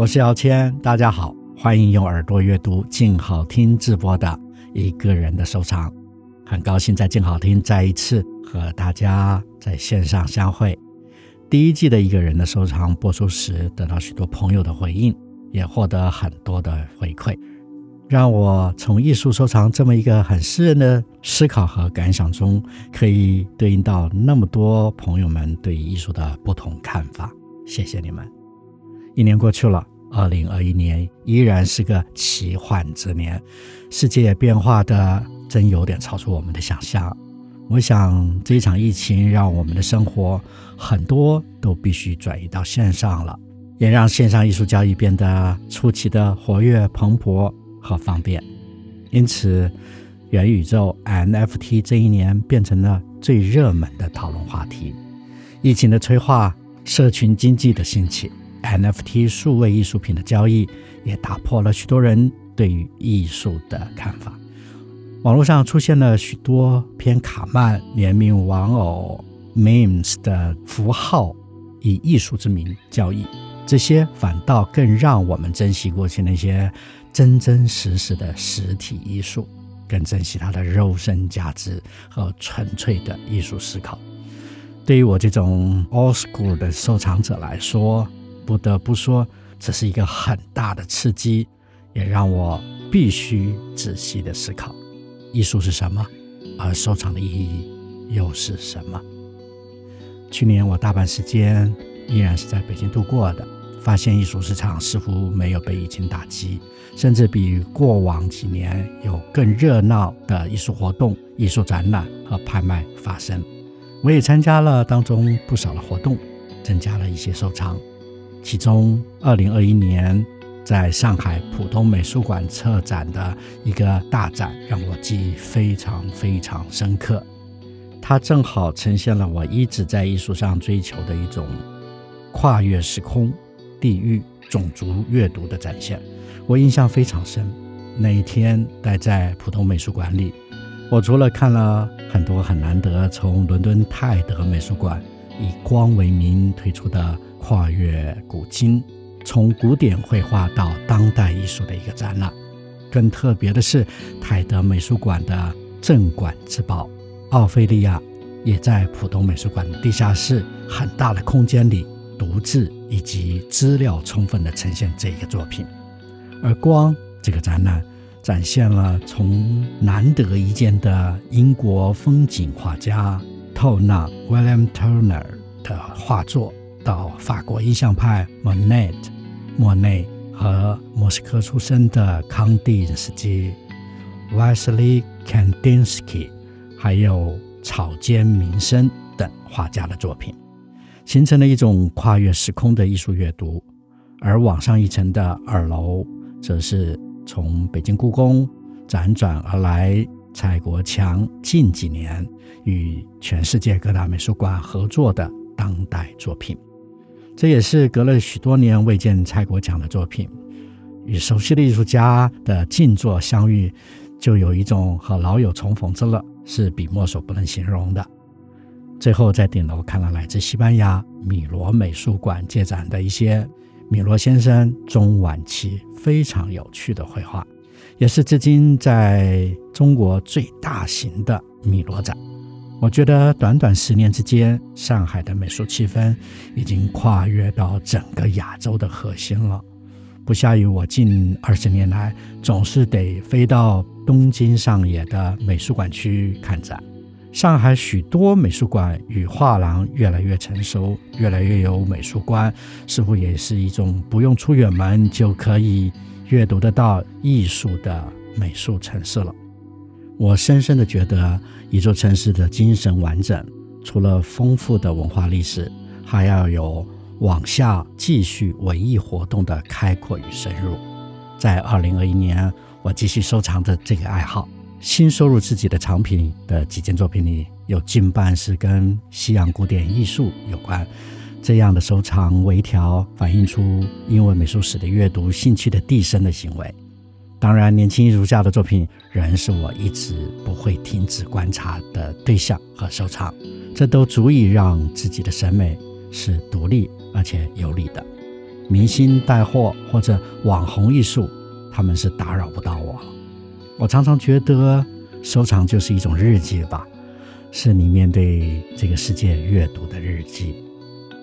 我是姚謙，大家好，歡迎用耳朵閱讀靜好聽直播的《一個人的收藏》。很高興在靜好聽再一次和大家在線上相會。第一季的《一個人的收藏》播出時，得到許多朋友的回應，也獲得很多的回饋，讓我從藝術收藏這麼一個很私人的思考和感想中，可以對應到那麼多朋友們對藝術的不同看法。謝謝你們。一年過去了。二零二一年依然是個奇幻之年，世界變化的真有點超出我們的想象。我想，這場疫情讓我們的生活很多都必須轉移到線上了，也讓線上藝術交易變得出奇的活躍、蓬勃和方便。因此，元宇宙 NFT 這一年變成了最熱門的討論話題。疫情的催化，社群經濟的興起。NFT 數位藝術品的交易也打破了許多人對於藝術的看法。網絡上出現了許多偏卡漫聯名玩偶、memes 的符號，以藝術之名交易。這些反倒更讓我們珍惜過去那些真真實實的實體藝術，更珍惜它的肉身價值和純粹的藝術思考。對於我這種 old school 的收藏者來說，不得不說，這是一個很大的刺激，也讓我必須仔細的思考：藝術是什麼？而收藏的意義又是什麼？去年我大半時間依然是在北京度過的，發現藝術市場似乎沒有被疫情打擊，甚至比過往幾年有更熱鬧的藝術活動、藝術展覽和拍賣發生。我也參加了當中不少的活動，增加了一些收藏。其中，二零二一年在上海浦東美術館策展的一個大展，讓我記憶非常非常深刻。它正好呈現了我一直在藝術上追求的一種跨越時空、地域、種族閱讀的展現。我印象非常深。那一天待在浦東美術館裡，我除了看了很多很難得從倫敦泰德美術館以光為名推出的。跨越古今，從古典繪畫到當代藝術的一個展覽。更特別的是，泰德美術館的鎮館之寶《奧菲利亞》也在浦東美術館的地下室很大的空間裡，獨自以及資料充分的呈現這一個作品。而“光”這個展覽，展現了從難得一見的英國風景畫家透納 （William Turner） 的畫作。到法國印象派莫奈、莫奈和莫斯科出生的康丁斯基、瓦西里·康丁斯基還有草間彌生等畫家的作品，形成了一種跨越時空的藝術閱讀。而往上一層的二樓，則是從北京故宮輾轉而來，蔡國強近幾年與全世界各大美術館合作的當代作品。這也是隔了許多年未見蔡國強的作品，與熟悉的藝術家的靜坐相遇，就有一種和老友重逢之樂，是筆墨所不能形容的。最後在頂樓看了來自西班牙米羅美術館借展的一些米羅先生中晚期非常有趣的繪畫，也是至今在中國最大型的米羅展。我覺得短短十年之間，上海的美術氣氛已經跨越到整個亞洲的核心了。不下於我近二十年來，總是得飛到東京上野的美術館去看展。上海許多美術館與畫廊越來越成熟，越來越有美術觀，似乎也是一種不用出遠門就可以閱讀得到藝術的美術城市了。我深深地覺得，一座城市的精神完整，除了豐富的文化歷史，還要有往下繼續文藝活動的開闊與深入。在二零二一年，我繼續收藏着這個愛好，新收入自己的藏品的幾件作品裡，有近半是跟西洋古典藝術有關。這樣的收藏微調，反映出因為美術史的閱讀興趣的遞升的行為。當然，年輕藝術家的作品仍是我一直不會停止觀察的對象和收藏，這都足以讓自己的審美是獨立而且有力的。明星帶貨或者網紅藝術，他們是打擾不到我了。我常常覺得，收藏就是一種日記吧，是你面對這個世界閱讀的日記。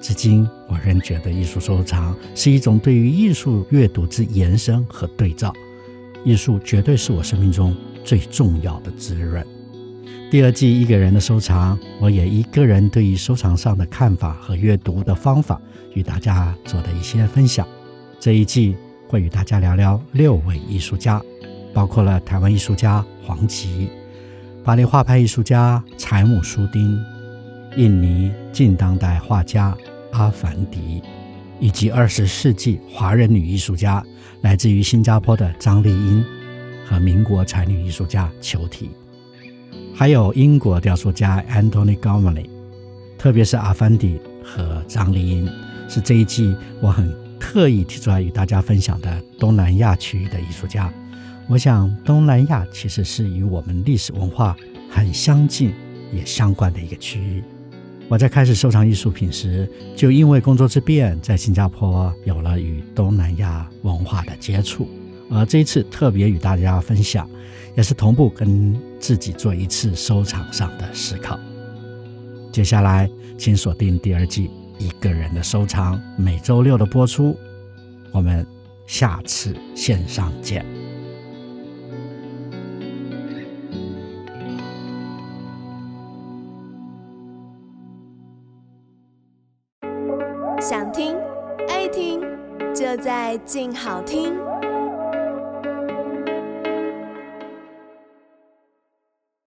至今，我仍覺得藝術收藏是一種對於藝術閱讀之延伸和對照。藝術絕對是我生命中最重要的滋潤。第二季一個人的收藏，我也以個人對於收藏上的看法和閱讀的方法與大家做的一些分享。這一季會與大家聊聊六位藝術家，包括了台灣藝術家黃奇、巴黎畫派藝術家柴姆舒丁、印尼近當代畫家阿凡迪、以及二十世紀華人女藝術家，來自於新加坡的張麗英和民國才女藝術家裘緹，還有英國雕塑家安東尼·葛姆雷，特別是阿凡迪和張麗英，是這一季我很特意提出來與大家分享的東南亞區域的藝術家。我想，東南亞其實是與我們歷史文化很相近也相關的一個區域。我在開始收藏藝術品時，就因為工作之便，在新加坡有了與東南亞文化的接觸。而這一次特別與大家分享，也是同步跟自己做一次收藏上的思考。接下來，請鎖定第二季《一個人的收藏》，每周六的播出。我們下次線上見。想聽，愛聽，就在鏡好聽。